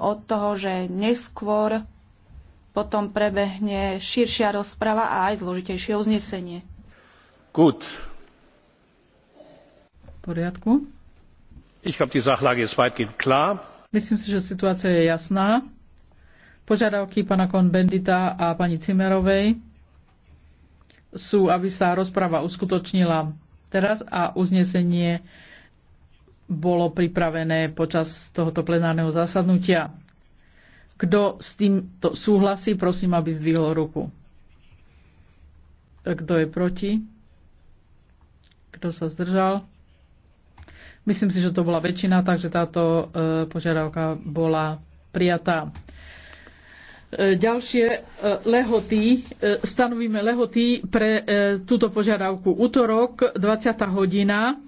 od toho, že neskôr potom prebehne širšia rozprava a aj zložitejšie uznesenie. Gut. V poriadku. Ich glaub, die Sachlage ist weitgehend klar. Myslím si, že situácia je jasná. Požiadavky pana Kohn-Bendita a pani Cimerovej sú, aby sa rozprava uskutočnila teraz a uznesenie bolo pripravené počas tohoto plenárneho zasadnutia. Kto s týmto súhlasí, prosím, aby zdvihol ruku. Kto je proti? Kto sa zdržal? Myslím si, že to bola väčšina, takže táto e, požiadavka bola prijatá. E, ďalšie e, lehoty, stanovíme lehoty pre túto požiadavku. Útorok, 20. hodina,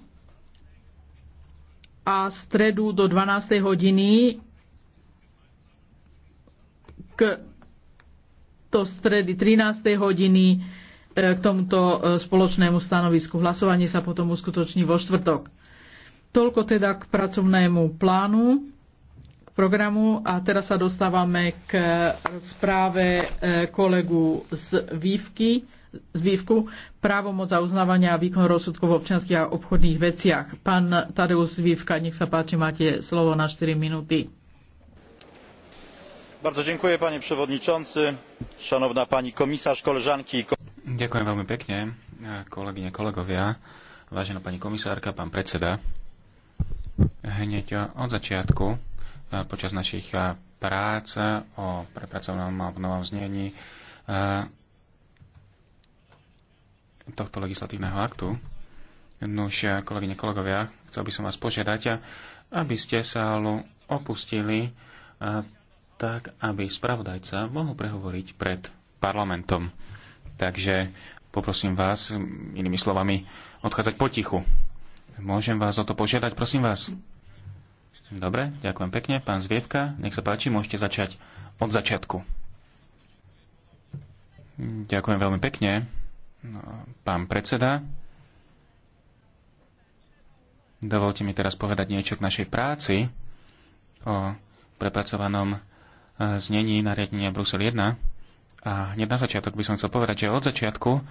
a stredu do 12. hodiny k to stredy 13. hodiny e, k tomuto e, spoločnému stanovisku. Hlasovanie sa potom uskutoční vo štvrtok. Toľko teda k pracovnému plánu, k programu a teraz sa dostávame k e, správe kolegu z Vývky zvývku právomoc a uznávania a výkon rozsudkov v občianských a obchodných veciach. Pán Tadeus Zvívka, nech sa páči, máte slovo na 4 minúty. Bardzo dziękuję panie przewodniczący, szanowna pani komisarz, koleżanki i Ďakujem veľmi pekne, kolegyne, kolegovia, vážená pani komisárka, pán predseda. Hneď od začiatku, eh, počas našich eh, prác eh, o prepracovanom a novom znení, tohto legislatívneho aktu. Nuž, eh, kolegyne, kolegovia, chcel by som vás požiadať, eh, aby ste sa opustili eh, tak, aby spravodajca mohol prehovoriť pred parlamentom. Takže poprosím vás, inými slovami, odchádzať potichu. Môžem vás o to požiadať, prosím vás. Dobre, ďakujem pekne. Pán Zvievka, nech sa páči, môžete začať od začiatku. Ďakujem veľmi pekne. No, pán predseda, dovolte mi teraz povedať niečo k našej práci o prepracovanom e, znení nariadenia Brusel 1. A hneď na začiatok by som chcel povedať, že od začiatku e,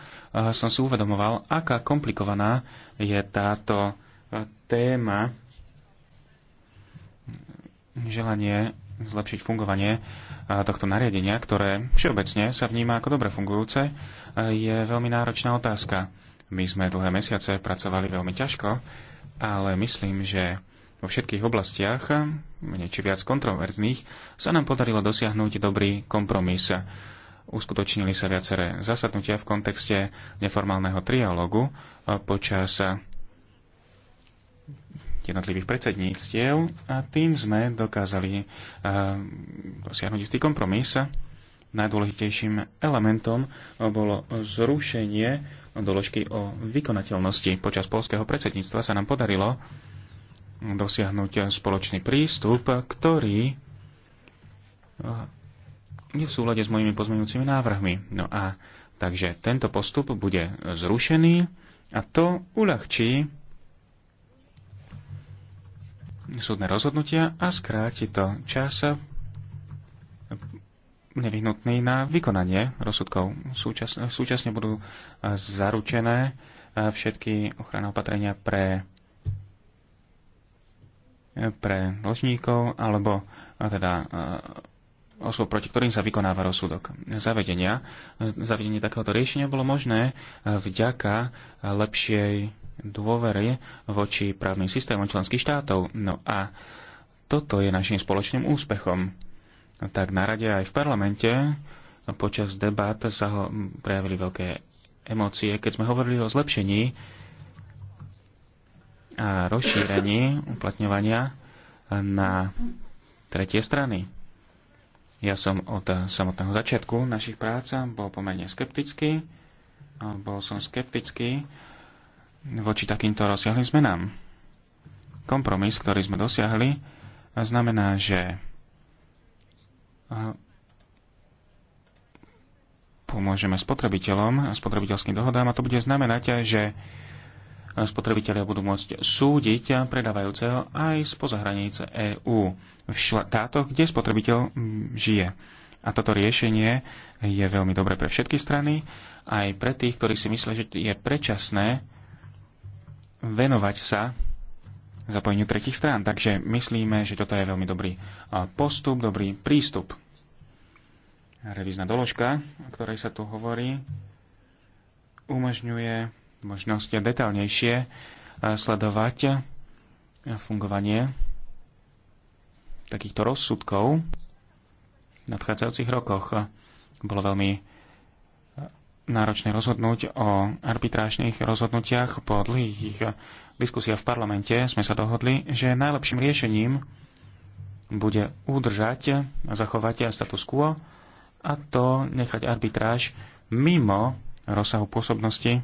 som si uvedomoval, aká komplikovaná je táto e, téma želanie zlepšiť fungovanie eh, tohto nariadenia, ktoré všeobecne sa vníma ako dobre fungujúce, eh, je veľmi náročná otázka. My sme dlhé mesiace pracovali veľmi ťažko, ale myslím, že vo všetkých oblastiach, eh, niečo viac kontroverzných, sa nám podarilo dosiahnuť dobrý kompromis. Uskutočnili sa viaceré zasadnutia v kontexte neformálneho trialógu počas jednotlivých predsedníctiev a tým sme dokázali eh, dosiahnuť istý kompromis. Najdôležitejším elementom bolo zrušenie doložky o vykonateľnosti. Počas polského predsedníctva sa nám podarilo dosiahnuť spoločný prístup, ktorý eh, je v súlade s mojimi pozmeňujúcimi návrhmi. No a takže tento postup bude zrušený a to uľahčí súdne rozhodnutia a skráti to čas nevyhnutný na vykonanie rozsudkov. Súčas, súčasne budú e, zaručené e, všetky ochranné opatrenia pre e, pre dlžníkov alebo teda osôb, proti ktorým sa vykonáva rozsudok. Zavedenia, zavedenie takéhoto riešenia bolo možné vďaka lepšej dôvery voči právnym systémom členských štátov. No a toto je našim spoločným úspechom. Tak na rade aj v parlamente počas debát sa ho prejavili veľké emócie, keď sme hovorili o zlepšení a rozšírení uplatňovania na tretie strany. Ja som od samotného začiatku našich prác bol pomerne skeptický. Bol som skeptický voči takýmto rozsiahlým zmenám. Kompromis, ktorý sme dosiahli, znamená, že pomôžeme spotrebiteľom a spotrebiteľským dohodám a to bude znamenať, že spotrebitelia budú môcť súdiť predávajúceho aj spoza hranice EÚ v štátoch, kde spotrebiteľ žije. A toto riešenie je veľmi dobré pre všetky strany, aj pre tých, ktorí si myslia, že je predčasné venovať sa zapojeniu tretich strán. Takže myslíme, že toto je veľmi dobrý postup, dobrý prístup. Revízna doložka, o ktorej sa tu hovorí, umožňuje možnosť detaľnejšie sledovať fungovanie takýchto rozsudkov v nadchádzajúcich rokoch. Bolo veľmi náročne rozhodnúť o arbitrážnych rozhodnutiach. Po dlhých diskusiách v parlamente sme sa dohodli, že najlepším riešením bude udržať a zachovať status quo a to nechať arbitráž mimo rozsahu pôsobnosti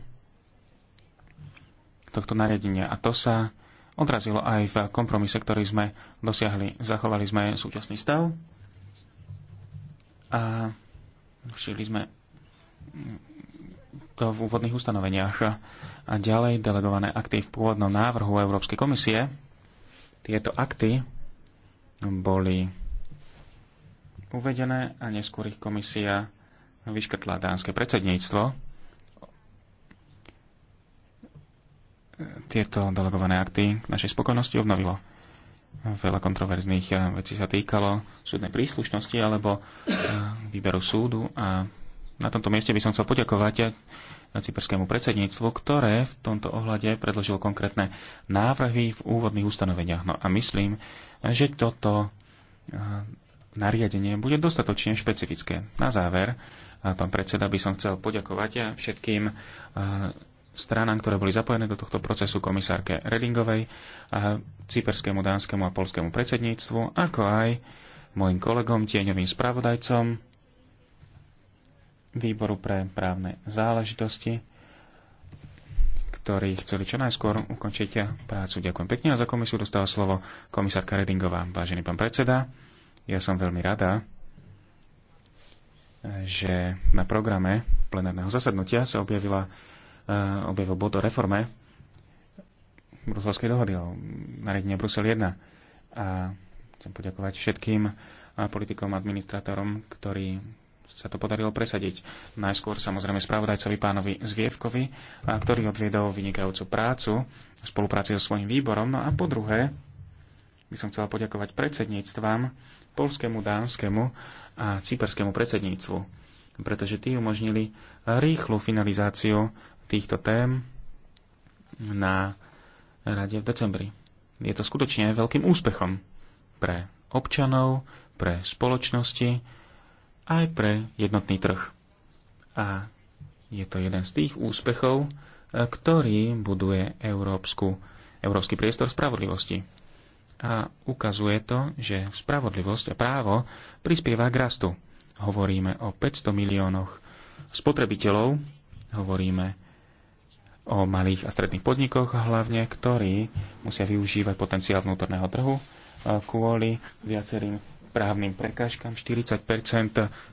tohto nariadenia. A to sa odrazilo aj v kompromise, ktorý sme dosiahli. Zachovali sme súčasný stav a Šili sme to v úvodných ustanoveniach. A ďalej delegované akty v pôvodnom návrhu Európskej komisie. Tieto akty boli uvedené a neskôr ich komisia vyškrtla dánske predsedníctvo. Tieto delegované akty našej spokojnosti obnovilo. Veľa kontroverzných eh, vecí sa týkalo súdnej príslušnosti alebo eh, výberu súdu a na tomto mieste by som chcel poďakovať cyperskému predsedníctvu, ktoré v tomto ohľade predložilo konkrétne návrhy v úvodných ustanoveniach. No a myslím, že toto eh, nariadenie bude dostatočne špecifické. Na záver, eh, pán predseda, by som chcel poďakovať eh, všetkým stranám, ktoré boli zapojené do tohto procesu, komisárke Redingovej, cyperskému, dánskému a polskému predsedníctvu, ako aj mojim kolegom, tieňovým spravodajcom, výboru pre právne záležitosti, ktorí chceli čo najskôr ukončiť prácu. Ďakujem pekne a za komisiu dostala slovo komisárka Redingová. Vážený pán predseda, ja som veľmi rada, že na programe plenárneho zasadnutia sa objavila, e, objavil bod o reforme Bruselskej dohody o nariadenie Brusel 1. A chcem poďakovať všetkým politikom, administrátorom, ktorí sa to podarilo presadiť. Najskôr samozrejme spravodajcovi pánovi Zvievkovi, ktorý odviedol vynikajúcu prácu v spolupráci so svojím výborom. No a po druhé by som chcela poďakovať predsedníctvám, polskému, dánskemu a cyperskému predsedníctvu, pretože tí umožnili rýchlu finalizáciu týchto tém na rade v decembri. Je to skutočne veľkým úspechom pre občanov, pre spoločnosti, aj pre jednotný trh. A je to jeden z tých úspechov, e, ktorý buduje európsku, európsky priestor spravodlivosti. A ukazuje to, že spravodlivosť a právo prispieva k rastu. Hovoríme o 500 miliónoch spotrebiteľov, hovoríme o malých a stredných podnikoch hlavne, ktorí musia využívať potenciál vnútorného trhu e, kvôli viacerým právnym prekážkam 40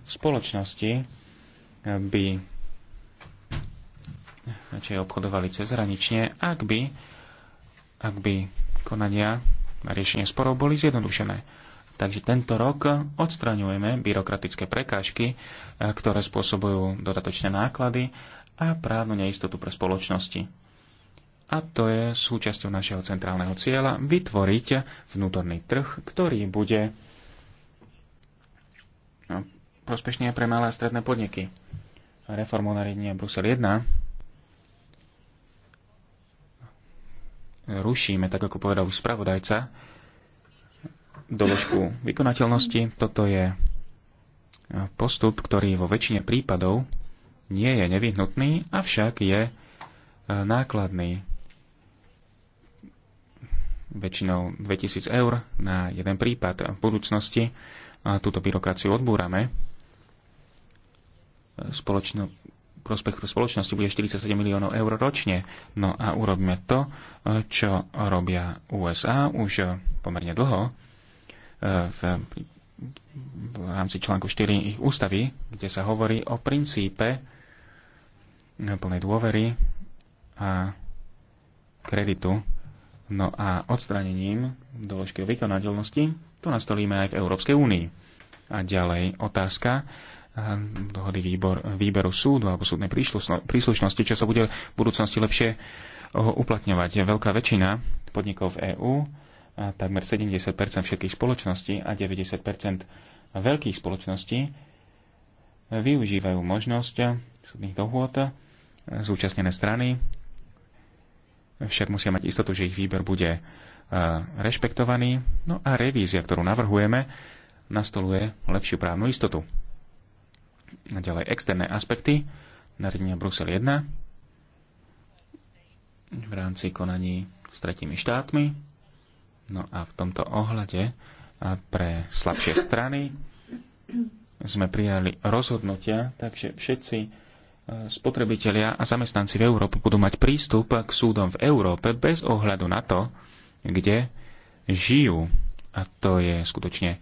spoločnosti eh, by radšej eh, obchodovali cezhranične, ak by, ak by konania na riešenie sporov boli zjednodušené. Takže tento rok odstraňujeme byrokratické prekážky, eh, ktoré spôsobujú dodatočné náklady a právnu neistotu pre spoločnosti. A to je súčasťou našeho centrálneho cieľa vytvoriť vnútorný trh, ktorý bude No, prospešný aj pre malé a stredné podniky. Reformu nariadenia Brusel 1 rušíme, tak ako povedal spravodajca, doložku vykonateľnosti. Toto je postup, ktorý vo väčšine prípadov nie je nevyhnutný, avšak je e, nákladný väčšinou 2000 eur na jeden prípad v budúcnosti a túto byrokraciu odbúrame, spoločno, prospech pre spoločnosti bude 47 miliónov eur ročne. No a urobíme to, čo robia USA už pomerne dlho eh, v, v rámci článku 4 ich ústavy, kde sa hovorí o princípe plnej dôvery a kreditu No a odstránením doložky o vykonateľnosti to nastolíme aj v Európskej únii. A ďalej otázka dohody výbor, výberu súdu alebo súdnej príslušnosti, čo sa bude v budúcnosti lepšie uplatňovať. Veľká väčšina podnikov v EÚ, takmer 70 všetkých spoločností a 90 veľkých spoločností využívajú možnosť súdnych dohôd e, zúčastnené strany však musia mať istotu, že ich výber bude e, rešpektovaný. No a revízia, ktorú navrhujeme, nastoluje lepšiu právnu istotu. A ďalej externé aspekty nariadenia Brusel 1 v rámci konaní s tretími štátmi. No a v tomto ohľade a pre slabšie strany sme prijali rozhodnutia, takže všetci spotrebitelia a zamestnanci v Európe budú mať prístup k súdom v Európe bez ohľadu na to, kde žijú. A to je skutočne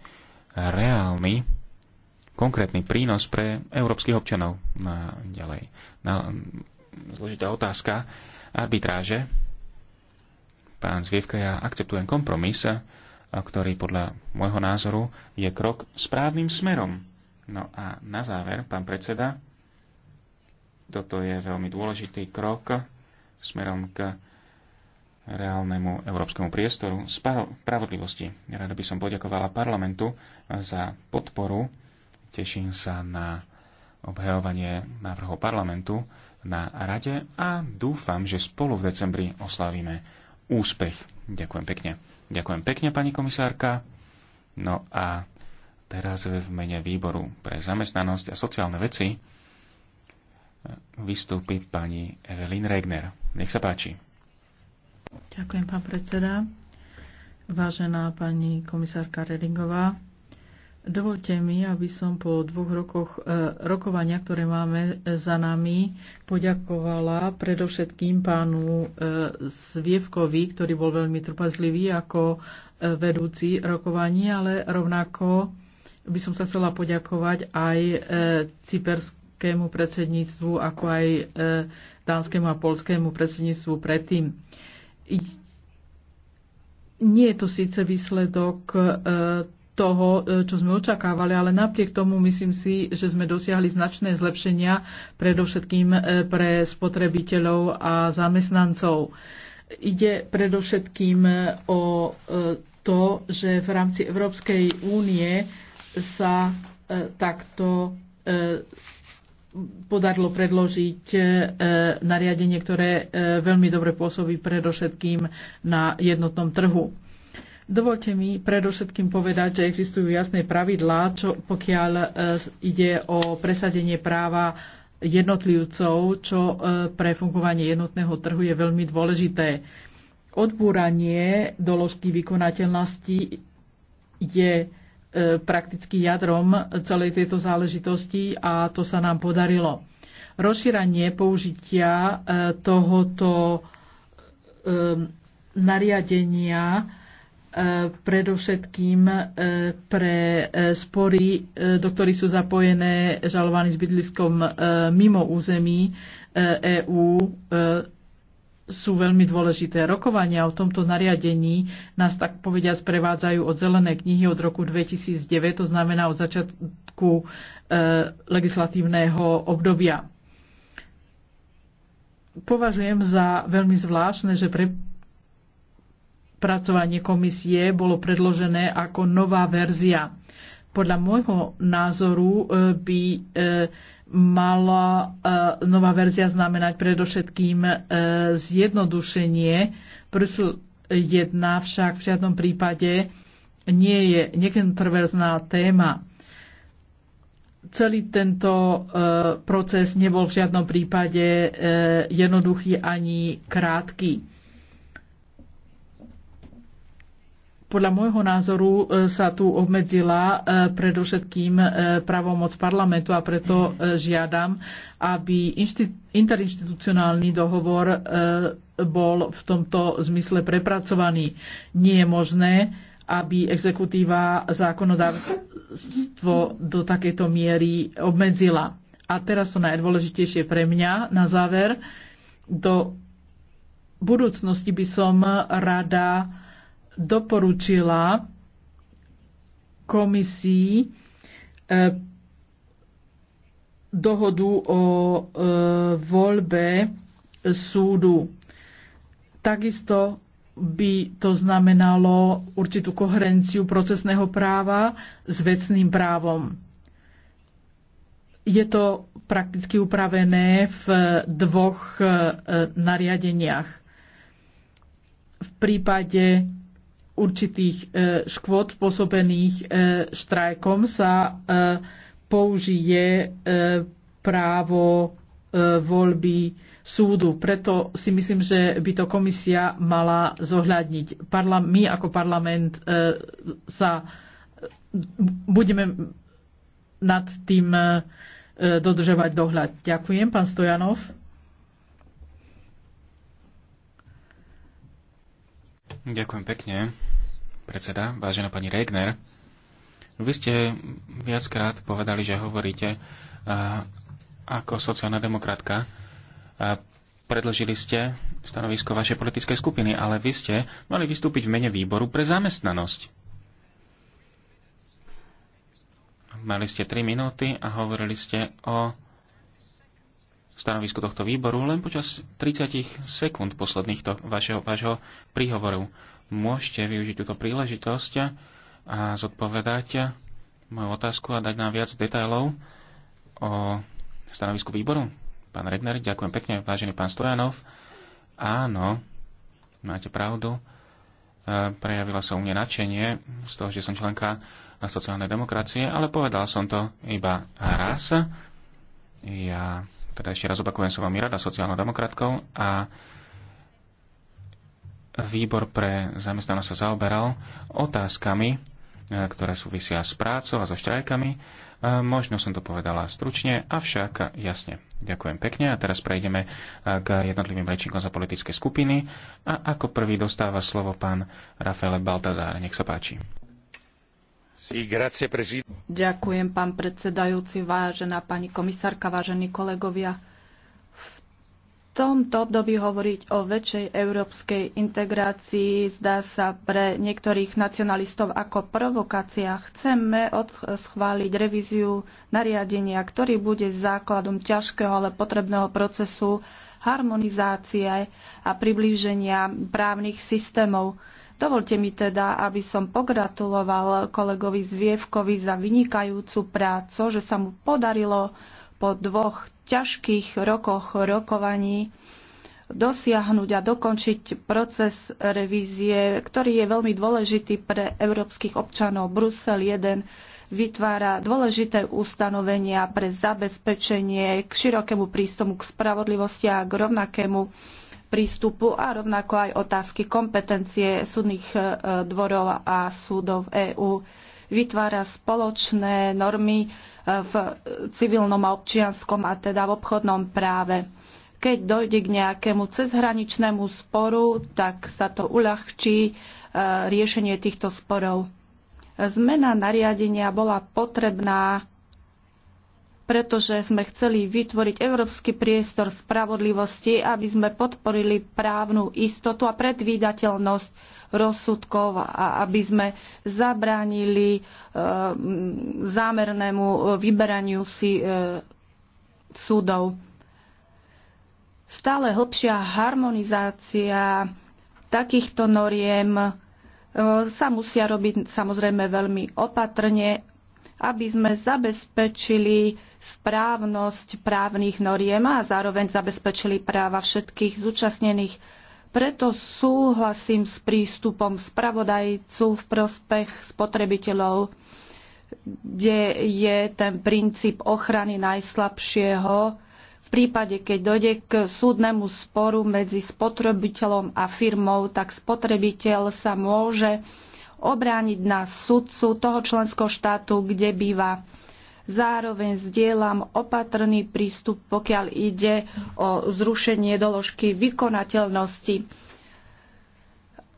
reálny, konkrétny prínos pre európskych občanov. A ďalej, na, zložitá otázka arbitráže. Pán Zvievka, ja akceptujem kompromis, ktorý podľa môjho názoru je krok správnym smerom. No a na záver, pán predseda, toto je veľmi dôležitý krok smerom k reálnemu európskemu priestoru spravodlivosti. Rada by som poďakovala parlamentu za podporu. Teším sa na obhajovanie návrhov parlamentu na rade a dúfam, že spolu v decembri oslavíme úspech. Ďakujem pekne. Ďakujem pekne, pani komisárka. No a teraz v mene výboru pre zamestnanosť a sociálne veci vystúpi pani Evelyn Regner. Nech sa páči. Ďakujem, pán predseda. Vážená pani komisárka Redingová, dovolte mi, aby som po dvoch rokoch e, rokovania, ktoré máme za nami, poďakovala predovšetkým pánu Svievkovi, e, ktorý bol veľmi trpazlivý ako e, vedúci rokovaní, ale rovnako by som sa chcela poďakovať aj cypersk dánskému predsedníctvu, ako aj e, dánskému a polskému predsedníctvu predtým. Nie je to síce výsledok e, toho, e, čo sme očakávali, ale napriek tomu myslím si, že sme dosiahli značné zlepšenia, predovšetkým pre spotrebiteľov a zamestnancov. Ide predovšetkým o to, že v rámci Európskej únie sa takto podarilo predložiť e, nariadenie, ktoré e, veľmi dobre pôsobí predovšetkým na jednotnom trhu. Dovolte mi predovšetkým povedať, že existujú jasné pravidlá, čo pokiaľ e, ide o presadenie práva jednotlivcov, čo pre fungovanie jednotného trhu je veľmi dôležité. Odbúranie doložky vykonateľnosti je E, prakticky jadrom celej tejto záležitosti a to sa nám podarilo. Rozširanie použitia e, tohoto e, nariadenia predovšetkým pre spory, do ktorých sú zapojené žalovaní s bydliskom mimo území EÚ sú veľmi dôležité. Rokovania o tomto nariadení nás tak povediať sprevádzajú od zelené knihy od roku 2009, to znamená od začiatku e, legislatívneho obdobia. Považujem za veľmi zvláštne, že pre pracovanie komisie bolo predložené ako nová verzia. Podľa môjho názoru e, by e, mala e, nová verzia znamenať predovšetkým e, zjednodušenie. Brusel 1 však v žiadnom prípade nie je nekontroverzná téma. Celý tento e, proces nebol v žiadnom prípade jednoduchý ani krátky Podľa môjho názoru e, sa tu obmedzila e, predovšetkým e, pravomoc parlamentu a preto žiadam, aby interinstitucionálny dohovor bol v tomto zmysle prepracovaný. Nie je možné, aby exekutíva zákonodárstvo do takejto miery obmedzila. A teraz to najdôležitejšie pre mňa na záver. Do budúcnosti by som rada doporučila komisii e, dohodu o e, voľbe súdu. Takisto by to znamenalo určitú koherenciu procesného práva s vecným právom. Je to prakticky upravené v dvoch e, nariadeniach. V prípade určitých e, škôd spôsobených e, štrajkom sa e, použije právo voľby súdu. Preto si myslím, že by to komisia mala zohľadniť. My ako parlament sa budeme nad tým dodržovať dohľad. Ďakujem, pán Stojanov. Ďakujem pekne, predseda, vážená pani Regner. Vy ste viackrát povedali, že hovoríte ako sociálna demokratka. predložili ste stanovisko vašej politickej skupiny, ale vy ste mali vystúpiť v mene výboru pre zamestnanosť. Mali ste 3 minúty a hovorili ste o stanovisko tohto výboru len počas 30 sekúnd posledných to, vašeho, vašeho príhovoru. Môžete využiť túto príležitosť a zodpovedať moju otázku a dať nám viac detailov o stanovisku výboru. Pán Redner, ďakujem pekne. Vážený pán Stojanov, áno, máte pravdu. E, prejavila sa u mňa nadšenie z toho, že som členka na sociálnej demokracie, ale povedal som to iba raz. Ja teda ešte raz opakujem, som vám rada sociálnou demokratkou a výbor pre zamestnanosť sa zaoberal otázkami, e, ktoré súvisia s prácou a so štrajkami. E, možno som to povedala stručne, avšak jasne. Ďakujem pekne a teraz prejdeme e, k jednotlivým rečníkom za politické skupiny a ako prvý dostáva slovo pán Rafael Baltazár. Nech sa páči. Ďakujem, pán predsedajúci, vážená pani komisárka, vážení kolegovia. V tomto období hovoriť o väčšej európskej integrácii zdá sa pre niektorých nacionalistov ako provokácia. Chceme schváliť revíziu nariadenia, ktorý bude základom ťažkého, ale potrebného procesu harmonizácie a priblíženia právnych systémov. Dovolte mi teda, aby som pogratuloval kolegovi Zvievkovi za vynikajúcu prácu, že sa mu podarilo po dvoch ťažkých rokoch rokovaní dosiahnuť a dokončiť proces revízie, ktorý je veľmi dôležitý pre európskych občanov. Brusel 1 vytvára dôležité ustanovenia pre zabezpečenie k širokému prístupu k spravodlivosti a k rovnakému prístupu a rovnako aj otázky kompetencie súdnych e, dvorov a súdov EÚ. Vytvára spoločné normy e, v civilnom a občianskom a teda v obchodnom práve. Keď dojde k nejakému cezhraničnému sporu, tak sa to uľahčí e, riešenie týchto sporov. Zmena nariadenia bola potrebná pretože sme chceli vytvoriť európsky priestor spravodlivosti, aby sme podporili právnu istotu a predvídateľnosť rozsudkov a aby sme zabránili e, zámernému e, vyberaniu si e, súdov. Stále hlbšia harmonizácia takýchto noriem e, sa musia robiť samozrejme veľmi opatrne aby sme zabezpečili správnosť právnych noriem a zároveň zabezpečili práva všetkých zúčastnených. Preto súhlasím s prístupom spravodajcu v prospech spotrebiteľov, kde je ten princíp ochrany najslabšieho v prípade, keď dojde k súdnemu sporu medzi spotrebiteľom a firmou, tak spotrebiteľ sa môže obrániť na sudcu toho členského štátu, kde býva. Zároveň zdieľam opatrný prístup, pokiaľ ide o zrušenie doložky vykonateľnosti.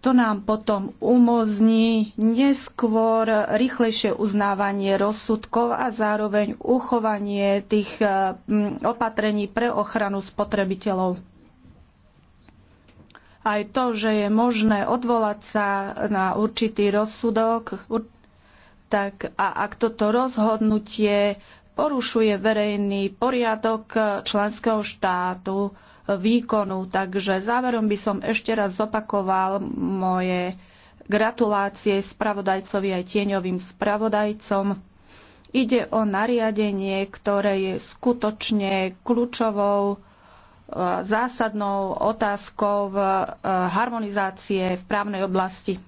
To nám potom umožní neskôr rýchlejšie uznávanie rozsudkov a zároveň uchovanie tých mm, opatrení pre ochranu spotrebiteľov aj to, že je možné odvolať sa na určitý rozsudok, tak a ak toto rozhodnutie porušuje verejný poriadok členského štátu výkonu. Takže záverom by som ešte raz zopakoval moje gratulácie spravodajcovi aj tieňovým spravodajcom. Ide o nariadenie, ktoré je skutočne kľúčovou zásadnou otázkou v eh, harmonizácie v právnej oblasti.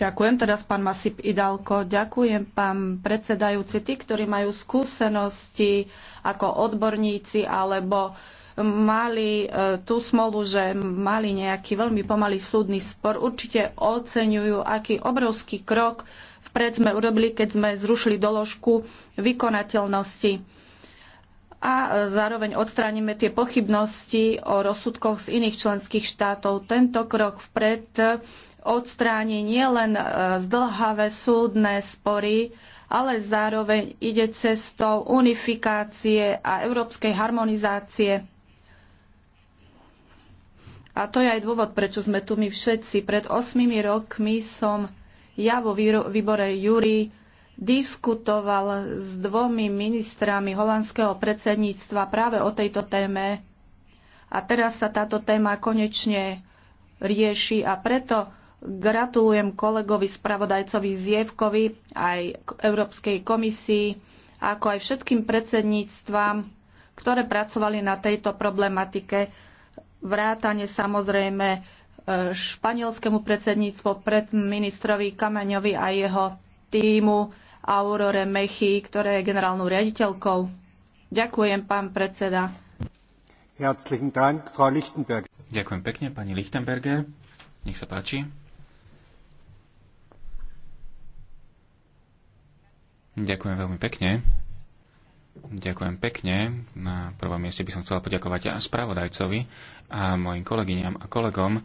Ďakujem teraz pán Masip Idalko. Ďakujem pán predsedajúci. Tí, ktorí majú skúsenosti ako odborníci alebo mali e, tú smolu, že mali nejaký veľmi pomalý súdny spor, určite oceňujú, aký obrovský krok vpred sme urobili, keď sme zrušili doložku vykonateľnosti. A e, zároveň odstránime tie pochybnosti o rozsudkoch z iných členských štátov. Tento krok vpred e, odstráni nielen zdlhavé súdne spory, ale zároveň ide cestou unifikácie a európskej harmonizácie. A to je aj dôvod, prečo sme tu my všetci. Pred 8 rokmi som ja vo výbore Júri diskutoval s dvomi ministrami holandského predsedníctva práve o tejto téme. A teraz sa táto téma konečne rieši a preto gratulujem kolegovi spravodajcovi Zievkovi aj Európskej komisii, ako aj všetkým predsedníctvám, ktoré pracovali na tejto problematike vrátane samozrejme e, španielskému predsedníctvu pred ministrovi Kameňovi a jeho týmu Aurore Mechy, ktoré je generálnou riaditeľkou. Ďakujem, pán predseda. Ďakujem pekne, pani Lichtenberger. Nech sa páči. Ďakujem veľmi pekne. Ďakujem pekne. Na prvom mieste by som chcela poďakovať a spravodajcovi a mojim kolegyňam a kolegom,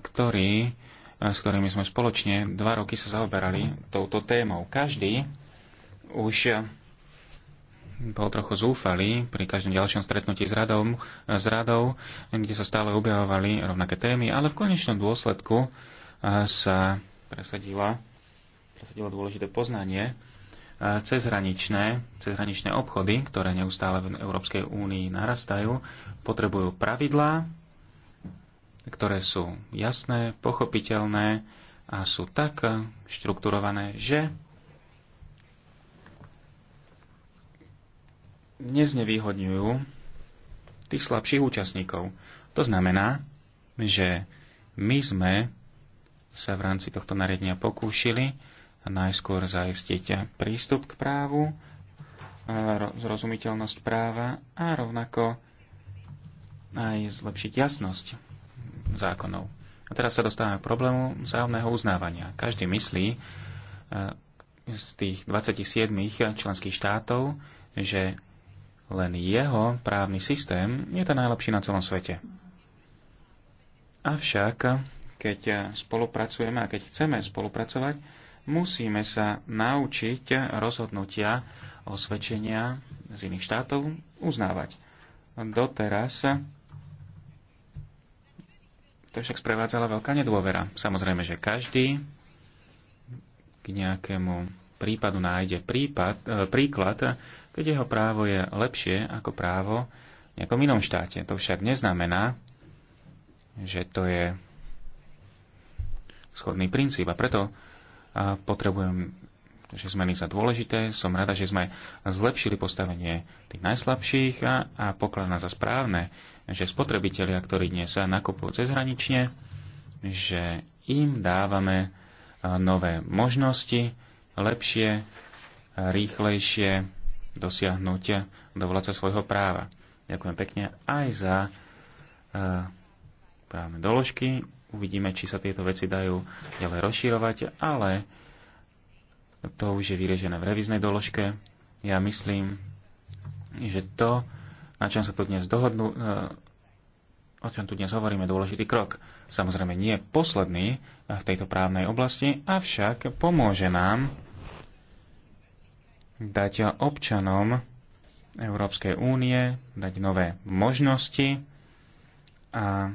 ktorí, s ktorými sme spoločne dva roky sa zaoberali touto témou. Každý už bol trochu zúfalý pri každom ďalšom stretnutí s radou, s radou, kde sa stále objavovali rovnaké témy, ale v konečnom dôsledku sa presadila, presadilo dôležité poznanie cezhraničné, cezhraničné obchody, ktoré neustále v Európskej únii narastajú, potrebujú pravidlá, ktoré sú jasné, pochopiteľné a sú tak štrukturované, že neznevýhodňujú tých slabších účastníkov. To znamená, že my sme sa v rámci tohto nariadenia pokúšili najskôr zaistiť prístup k právu, zrozumiteľnosť práva a rovnako aj zlepšiť jasnosť zákonov. A teraz sa dostávame k problému vzájomného uznávania. Každý myslí e, z tých 27 členských štátov, že len jeho právny systém je ten najlepší na celom svete. Avšak, keď e, spolupracujeme a keď chceme spolupracovať, musíme sa naučiť rozhodnutia osvedčenia z iných štátov uznávať. Doteraz to však sprevádzala veľká nedôvera. Samozrejme, že každý k nejakému prípadu nájde prípad, e, príklad, keď jeho právo je lepšie ako právo v nejakom inom štáte. To však neznamená, že to je schodný princíp. A preto Potrebujem že zmeny sa dôležité. Som rada, že sme zlepšili postavenie tých najslabších a, a pokladám za správne, že spotrebitelia, ktorí dnes sa nakupujú cezhranične, že im dávame nové možnosti, lepšie, rýchlejšie dosiahnuť dovolať sa svojho práva. Ďakujem pekne aj za právne doložky Uvidíme, či sa tieto veci dajú ďalej rozširovať, ale to už je vyriežené v reviznej doložke. Ja myslím, že to, na čom sa tu dnes dohodnú, e, o čom tu dnes hovoríme, dôležitý krok. Samozrejme nie je posledný v tejto právnej oblasti, avšak pomôže nám dať občanom Európskej únie, dať nové možnosti a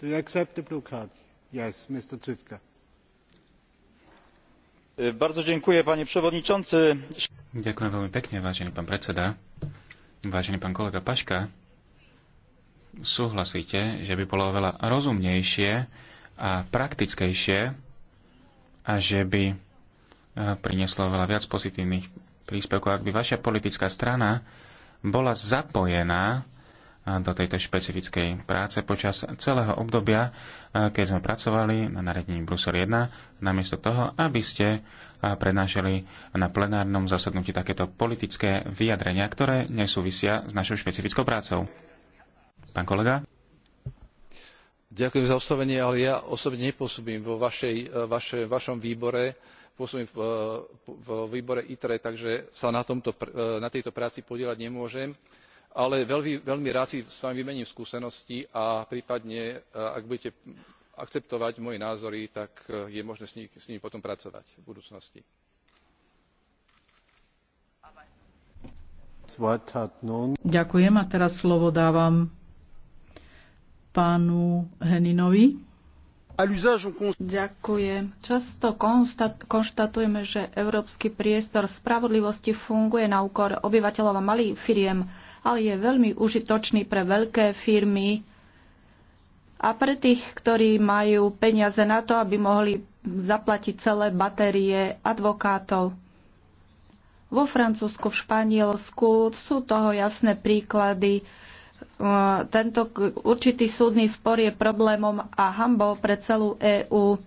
do you accept the blue card? yes mr zwiefka. bardzo dziękuję panie przewodniczący. ďakujem veľmi pekne vážený pán predseda. vážený pán kolega paška súhlasíte že by bolo oveľa rozumnejšie a praktickejšie a že by e, prinieslo veľa viac pozitívnych príspevkov, ak by vaša politická strana bola zapojená do tejto špecifickej práce počas celého obdobia, keď sme pracovali na nariadení Brusel 1, namiesto toho, aby ste prednášali na plenárnom zasadnutí takéto politické vyjadrenia, ktoré nesúvisia s našou špecifickou prácou. Pán kolega? Ďakujem za oslovenie, ale ja osobne nepôsobím vo vašej, e, vaše, vašom výbore, pôsobím vo e, výbore ITRE, takže sa na, tomto, e, na tejto práci podielať nemôžem ale veľmi rád si s vami vymením skúsenosti a prípadne e, ak budete akceptovať moje názory tak e, je možné s nimi potom pracovať v budúcnosti. Ďakujem a teraz slovo dávam pánu Heninovi. Často konštatujeme, že európsky priestor spravodlivosti funguje na úkor obyvateľov a malých firiem ale je veľmi užitočný pre veľké firmy a pre tých, ktorí majú peniaze na to, aby mohli zaplatiť celé batérie advokátov. Vo Francúzsku, v Španielsku sú toho jasné príklady. E, tento určitý súdny spor je problémom a hambou pre celú EÚ.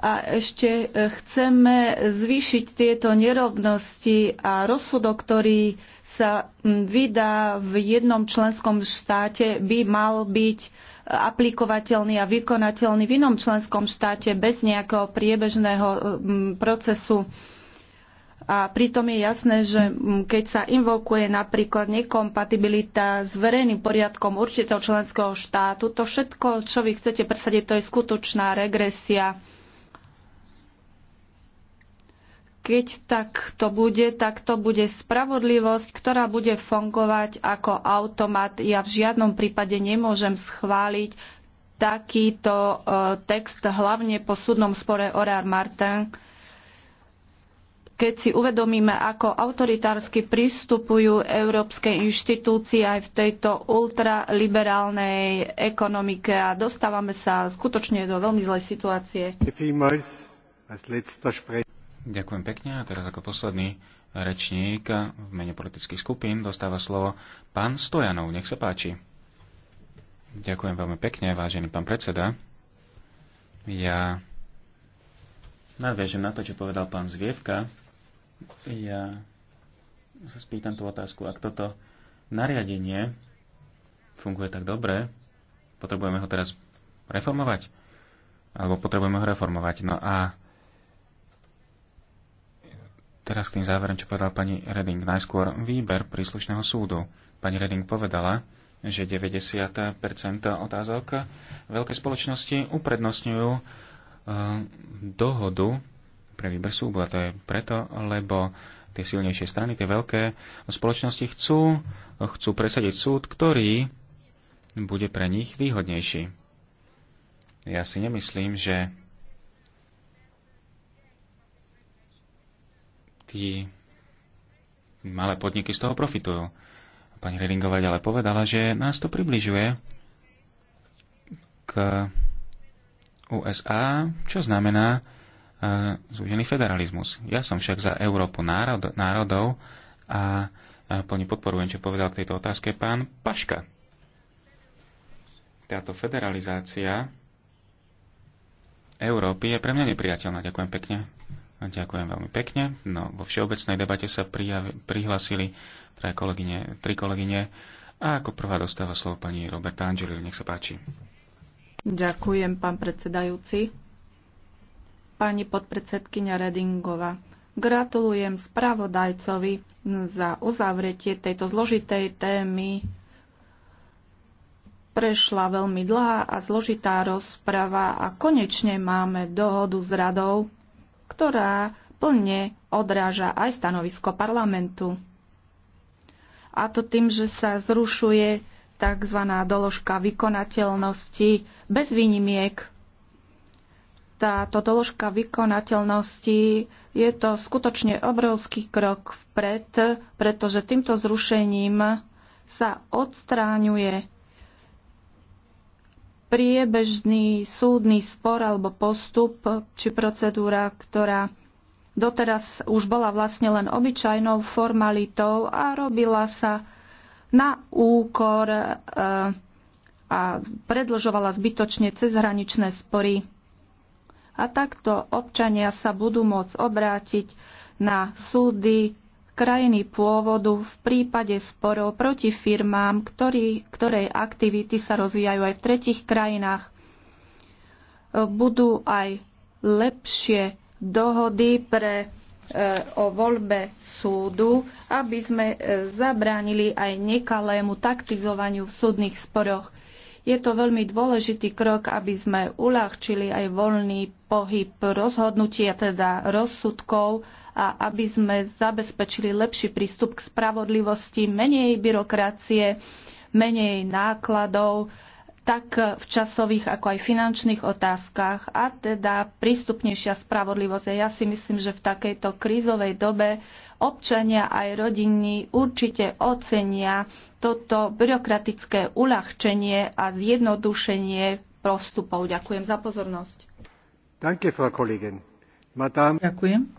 a ešte e, chceme zvýšiť tieto nerovnosti a rozsudok, ktorý sa vydá v jednom členskom štáte, by mal byť e, aplikovateľný a vykonateľný v inom členskom štáte bez nejakého priebežného e, procesu. A pritom je jasné, že keď sa invokuje napríklad nekompatibilita s verejným poriadkom určitého členského štátu, to všetko, čo vy chcete presadiť, to je skutočná regresia keď tak to bude, tak to bude spravodlivosť, ktorá bude fungovať ako automat. Ja v žiadnom prípade nemôžem schváliť takýto e, text, hlavne po súdnom spore Orar Martin, keď si uvedomíme, ako autoritársky pristupujú európske inštitúcie aj v tejto ultraliberálnej ekonomike a dostávame sa skutočne do veľmi zlej situácie. Ďakujem pekne. A teraz ako posledný rečník v mene politických skupín dostáva slovo pán Stojanov. Nech sa páči. Ďakujem veľmi pekne, vážený pán predseda. Ja nadviežem na to, čo povedal pán Zvievka. Ja sa spýtam tú otázku, ak toto nariadenie funguje tak dobre, potrebujeme ho teraz reformovať? Alebo potrebujeme ho reformovať? No a Teraz k tým záverom, čo povedala pani Reding. Najskôr výber príslušného súdu. Pani Reding povedala, že 90% otázok veľké spoločnosti uprednostňujú eh, dohodu pre výber súdu. A to je preto, lebo tie silnejšie strany, tie veľké spoločnosti chcú, chcú presadiť súd, ktorý bude pre nich výhodnejší. Ja si nemyslím, že tí malé podniky z toho profitujú. Pani Redingová ďalej povedala, že nás to približuje k USA, čo znamená uh, zúžený federalizmus. Ja som však za Európu národ, národov a uh, plne podporujem, čo povedal k tejto otázke pán Paška. Táto federalizácia Európy je pre mňa nepriateľná. Ďakujem pekne. Ďakujem veľmi pekne. No, vo všeobecnej debate sa prijav, prihlasili kolegyne, tri kolegyne a ako prvá dostáva slovo pani Roberta Angeli, Nech sa páči. Ďakujem, pán predsedajúci. Pani podpredsedkynia Redingova, gratulujem spravodajcovi za uzavretie tejto zložitej témy prešla veľmi dlhá a zložitá rozprava a konečne máme dohodu s radou ktorá plne odráža aj stanovisko parlamentu. A to tým, že sa zrušuje tzv. doložka vykonateľnosti bez výnimiek. Táto doložka vykonateľnosti je to skutočne obrovský krok vpred, pretože týmto zrušením sa odstráňuje priebežný súdny spor alebo postup či procedúra, ktorá doteraz už bola vlastne len obyčajnou formalitou a robila sa na úkor e, a predlžovala zbytočne cezhraničné spory. A takto občania sa budú môcť obrátiť na súdy krajiny pôvodu v prípade sporov proti firmám, ktorý, ktorej aktivity sa rozvíjajú aj v tretich krajinách. Budú aj lepšie dohody pre, e, o voľbe súdu, aby sme e, zabránili aj nekalému taktizovaniu v súdnych sporoch. Je to veľmi dôležitý krok, aby sme uľahčili aj voľný pohyb rozhodnutia teda rozsudkov a aby sme zabezpečili lepší prístup k spravodlivosti, menej byrokracie, menej nákladov, tak v časových ako aj finančných otázkach a teda prístupnejšia spravodlivosť. Ja si myslím, že v takejto krízovej dobe občania aj rodiny určite ocenia toto byrokratické uľahčenie a zjednodušenie prostupov. Ďakujem za pozornosť. Danke, Frau Kollegin. Madame... Ďakujem.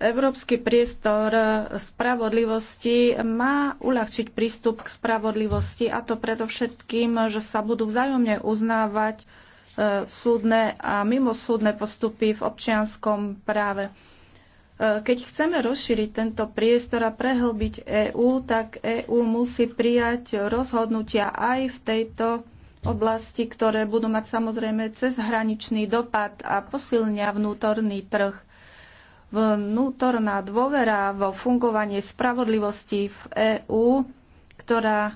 Európsky priestor spravodlivosti má uľahčiť prístup k spravodlivosti a to predovšetkým, že sa budú vzájomne uznávať e, súdne a mimosúdne postupy v občianskom práve. E, keď chceme rozšíriť tento priestor a prehlbiť EÚ, tak EÚ musí prijať rozhodnutia aj v tejto oblasti, ktoré budú mať samozrejme cezhraničný dopad a posilnia vnútorný trh vnútorná dôvera vo fungovanie spravodlivosti v EÚ, ktorá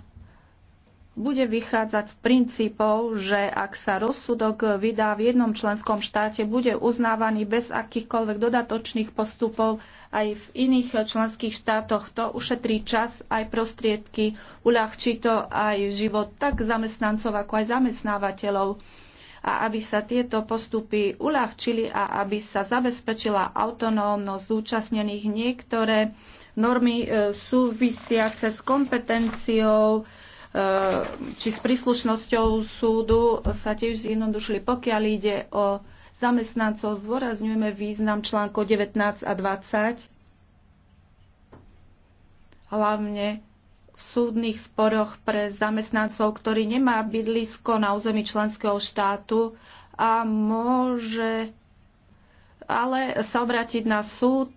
bude vychádzať z princípov, že ak sa rozsudok vydá v jednom členskom štáte, bude uznávaný bez akýchkoľvek dodatočných postupov aj v iných členských štátoch. To ušetrí čas aj prostriedky, uľahčí to aj život tak zamestnancov, ako aj zamestnávateľov a aby sa tieto postupy uľahčili a aby sa zabezpečila autonómnosť zúčastnených. Niektoré normy e, súvisiace s kompetenciou e, či s príslušnosťou súdu sa tiež zjednodušili. Pokiaľ ide o zamestnancov, zdôrazňujeme význam článkov 19 a 20, hlavne v súdnych sporoch pre zamestnancov, ktorý nemá bydlisko na území členského štátu a môže ale sa obrátiť na súd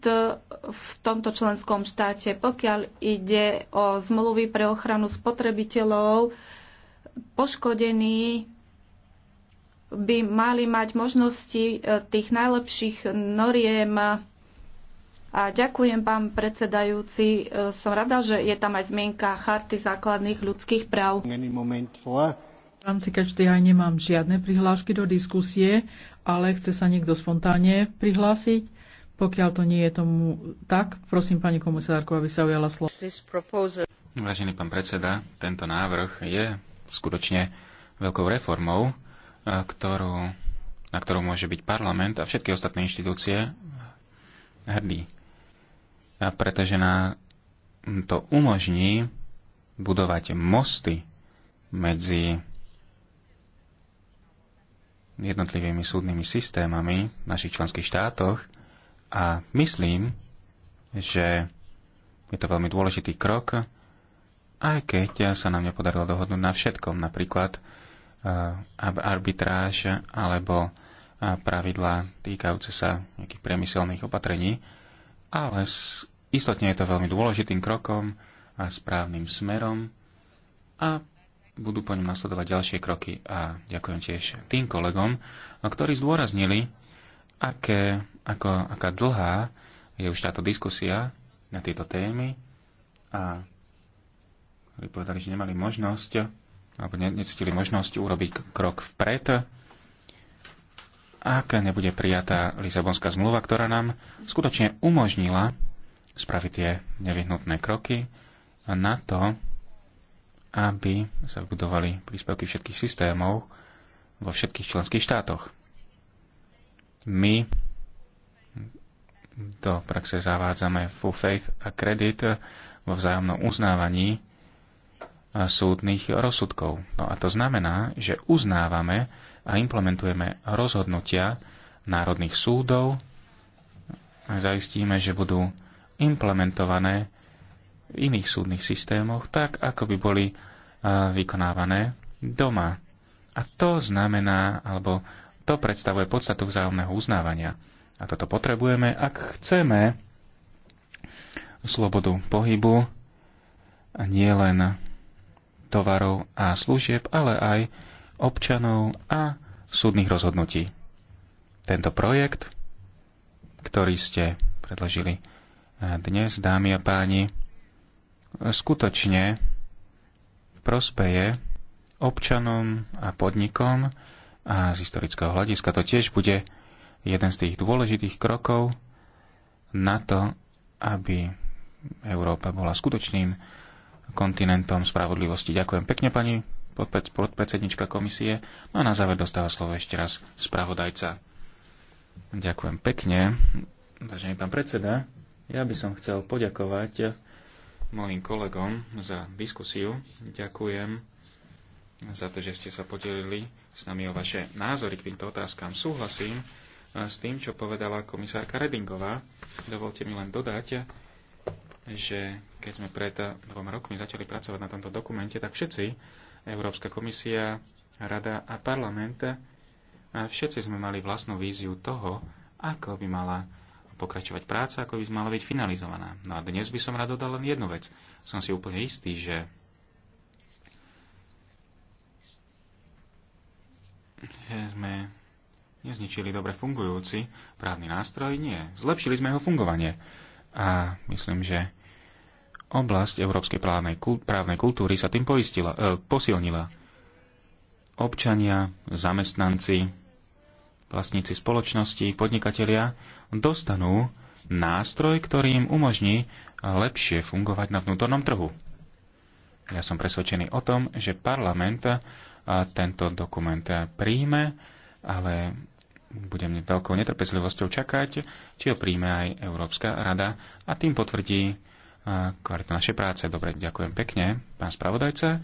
v tomto členskom štáte. Pokiaľ ide o zmluvy pre ochranu spotrebiteľov, poškodení by mali mať možnosti eh, tých najlepších noriem a ďakujem, pán predsedajúci. E, som rada, že je tam aj zmienka Charty základných ľudských práv. V rámci Catch aj nemám žiadne prihlášky do diskusie, ale chce sa niekto spontánne prihlásiť. Pokiaľ to nie je tomu tak, prosím pani komisárku, aby sa ujala slovo. Vážený pán predseda, tento návrh je skutočne veľkou reformou, e, ktorú, na ktorú môže byť parlament a všetky ostatné inštitúcie hrdí pretože nám to umožní budovať mosty medzi jednotlivými súdnymi systémami v našich členských štátoch a myslím, že je to veľmi dôležitý krok, aj keď sa nám nepodarilo dohodnúť na všetkom, napríklad e, arbitráž alebo pravidlá týkajúce sa nejakých priemyselných opatrení ale istotne je to veľmi dôležitým krokom a správnym smerom a budú po ňom nasledovať ďalšie kroky a ďakujem tiež tým kolegom, ktorí zdôraznili, aké, ako, aká dlhá je už táto diskusia na tieto témy a ktorí povedali, že nemali možnosť alebo necítili možnosť urobiť krok vpred ak nebude prijatá Lisabonská zmluva, ktorá nám skutočne umožnila spraviť tie nevyhnutné kroky na to, aby sa budovali príspevky všetkých systémov vo všetkých členských štátoch. My do praxe zavádzame full faith a credit vo vzájomnom uznávaní súdnych rozsudkov. No a to znamená, že uznávame a implementujeme rozhodnutia národných súdov a zaistíme, že budú implementované v iných súdnych systémoch tak, ako by boli e, vykonávané doma. A to znamená, alebo to predstavuje podstatu vzájomného uznávania. A toto potrebujeme, ak chceme slobodu pohybu a nie len tovarov a služieb, ale aj občanov a súdnych rozhodnutí. Tento projekt, ktorý ste predložili e, dnes, dámy a páni, skutočne prospeje občanom a podnikom a z historického hľadiska to tiež bude jeden z tých dôležitých krokov na to, aby Európa bola skutočným kontinentom spravodlivosti. Ďakujem pekne, pani podpredsednička komisie. No a na záver dostáva slovo ešte raz spravodajca. Ďakujem pekne. Vážený pán predseda, ja by som chcel poďakovať mojim kolegom za diskusiu. Ďakujem za to, že ste sa podelili s nami o vaše názory k týmto otázkam. Súhlasím e, s tým, čo povedala komisárka Redingová. Dovolte mi len dodať, že keď sme pred dvoma rokmi začali pracovať na tomto dokumente, tak všetci Európska komisia, Rada a parlament, a všetci sme mali vlastnú víziu toho, ako by mala pokračovať práca, ako by mala byť finalizovaná. No a dnes by som rád dodal len jednu vec. Som si úplne istý, že sme nezničili dobre fungujúci právny nástroj, nie. Zlepšili sme jeho fungovanie. A myslím, že Oblasť európskej právnej, právnej kultúry sa tým poistila, e, posilnila. Občania, zamestnanci, vlastníci spoločnosti, podnikatelia dostanú nástroj, ktorý im umožní lepšie fungovať na vnútornom trhu. Ja som presvedčený o tom, že parlament e, tento dokument príjme, ale budem veľkou netrpezlivosťou čakať, či ho príjme aj Európska rada a tým potvrdí kvalitu našej práce. Dobre, ďakujem pekne, pán spravodajca.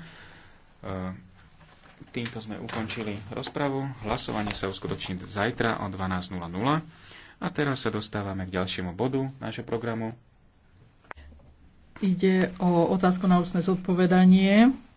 E, týmto sme ukončili rozpravu. Hlasovanie sa uskutoční zajtra o 12.00. A teraz sa dostávame k ďalšiemu bodu nášho programu. Ide o otázku na ústne zodpovedanie.